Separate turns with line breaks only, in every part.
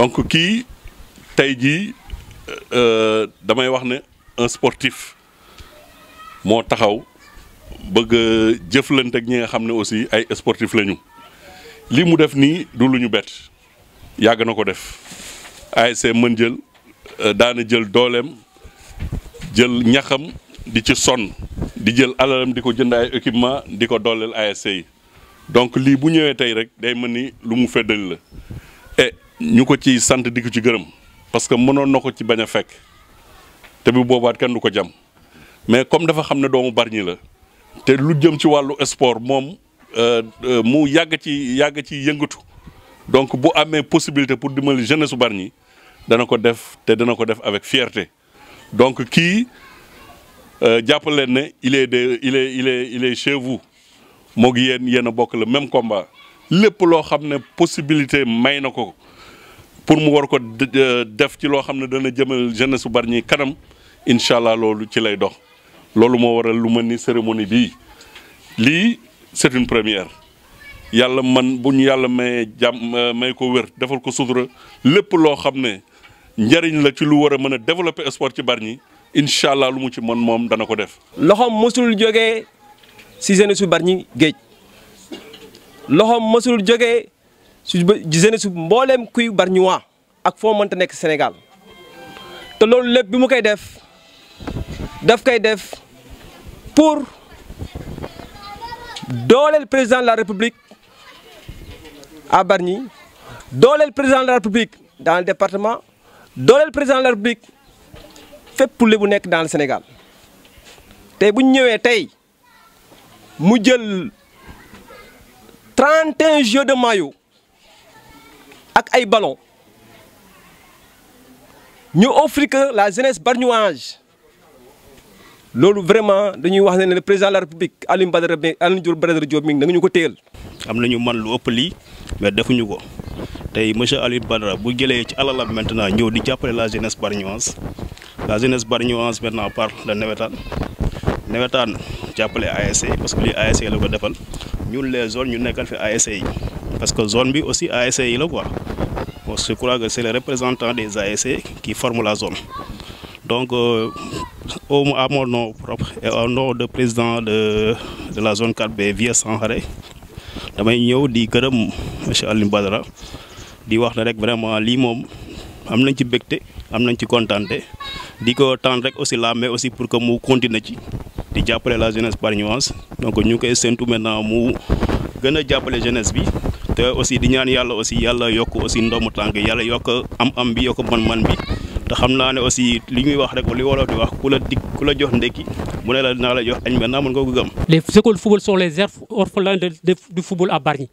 donc kii tey jii euh, euh, damay wax ne un sportif moo taxaw bëgg a jëflante ñi nga xam ne aussi ay sportif lañu lii mu def nii du lu ñu bett yàgg na ko def ASC mën jël euh, daana jël dooleem jël ñaxam di ci sonn di jël alalam di ko jënd ay équipement di ko dooleel ASC yi donc lii bu ñëwee tey rek day mën ni lu mu feddali la ñu ko ci sant di ko ci gërëm parce que mënoon na ko ci bañ a fekk te bu boobaat kenn du ko jam mais comme dafa xam ne doomu Bargny la te lu jëm ci wàllu sport moom euh, euh, mu yàgg ci yàgg ci yëngatu donc bu amee possibilité pour dimbali jeunesse su Bargny dana ko def te dana ko def avec fierté donc kii euh, jàpp leen ne il est de il est il moog il yéen yéen a bokk le même komba lépp loo xam ne possibilité may na ko. pour mu war ko euh, def ci loo xam ne dana jëmal jeunesse su bar Bargny kanam incha allah loolu ci lay dox loolu moo waral lu mel ni cérémonie bii lii c'est première yàlla man bu ñu yàlla may jàmm euh, may ko wér defal ko sutura lépp loo xam ne njariñ la ci lu war a mën a développer sport ci Bargny incha allah lu mu ci mën moom dana ko def. loxoom mosul jógee si jeunesse su Bargny géej loxoom mosul jógee.
su je kuy ak de Sénégal au Sénégal. def pour président de la République à donner le président de la République dans le département le président de la République pour pour dans le Sénégal Et si nous 31 jeux de maillot ak ay ballon ñu offrir que la jeunesse nuage. lolu vraiment dañuy wax né le président de la république
Alioune Badara jour, Badara Diop mi ngi nañu ko téyal. am nañu man lu ëpp li mais defuñu ko tay monsieur alim Badara bu jëlé ci maintenant ñeu di jappalé la jeunesse bargnoise la jeunesse bargnoise maintenant par le nawetaan nawetaan jappalé ASC parce que li ASC la ko defal ñun les zones ñu nekkal fi ASC parce que zone bi aussi ASC la quoi je crois que c'est les représentants des ASC e qui forment la zone. Donc, euh, à mon nom propre et au nom du président de, la zone 4B, Sanharé, je suis M. Alim vraiment lii nous. ci content ci aussi la mais aussi pour que continue la jeunesse par nuance donc nous maintenant jeunesse te aussi di ñaan yàlla aussi yàlla yokk aussi ndomu tànk yàlla yokk am-am bi yokk man-man bi te xam naa ne aussi li ñuy wax rek li wolof di wax ku la dig ku la jox ndekki mu ne la dinaa la jox añ mais naa mën nga ko gëm.
les écoles de football sont les orphelins du football à Bargny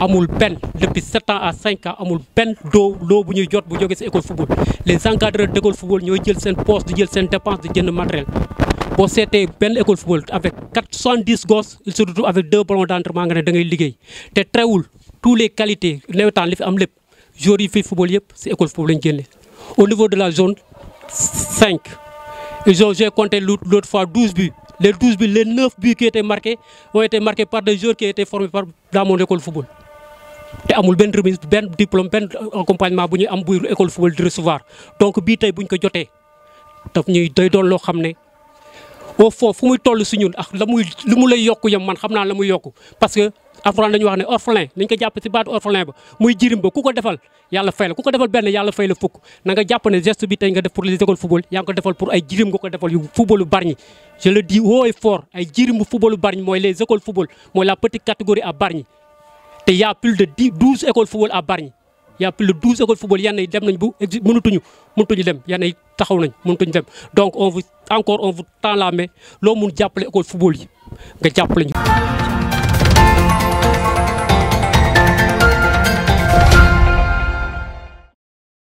amul benn depuis sept ans à cinq ans amul benn doo loo bu ñuy jot bu jógee si école football les encadreurs d'école football ñooy jël seen poste di jël seen dépense di jënd matériel. C'était une école école football avec 410 gosses il se retrouve avec deux ballons d'entraînement dans ne da ngay liggéey très les qualités les li les am les joueurs yi fi football yëpp si football au niveau de la zone 5. ils ont j'ai compté l'autre fois 12 buts les 9 buts les neuf buts qui étaient marqués ont été marqués par des joueurs qui étaient formés par dans mon école football. Il amul a remise diplôme un accompagnement pour l'école de école football de recevoir donc bii tey bu ñu ko jotee daf ñuy day parce que alxuraan dañu wax ne orphelin ko japp ci orphelin ba muy jirim ba kuko defal yalla kuko defal benn yalla fuk na geste bi pour les écoles football a ko defal pour ay jirim ko defal yu je le dis haut et fort ay jirim footballu les écoles football moy la petite catégorie à barni. te y a plus de 10 12 écoles football à barni y' a plus de douze écoles football a des dem nañ bu mënutuñu mënutuñu dem y a taxaw nañ mënutuñu dem donc on vous encore on vous tend la main football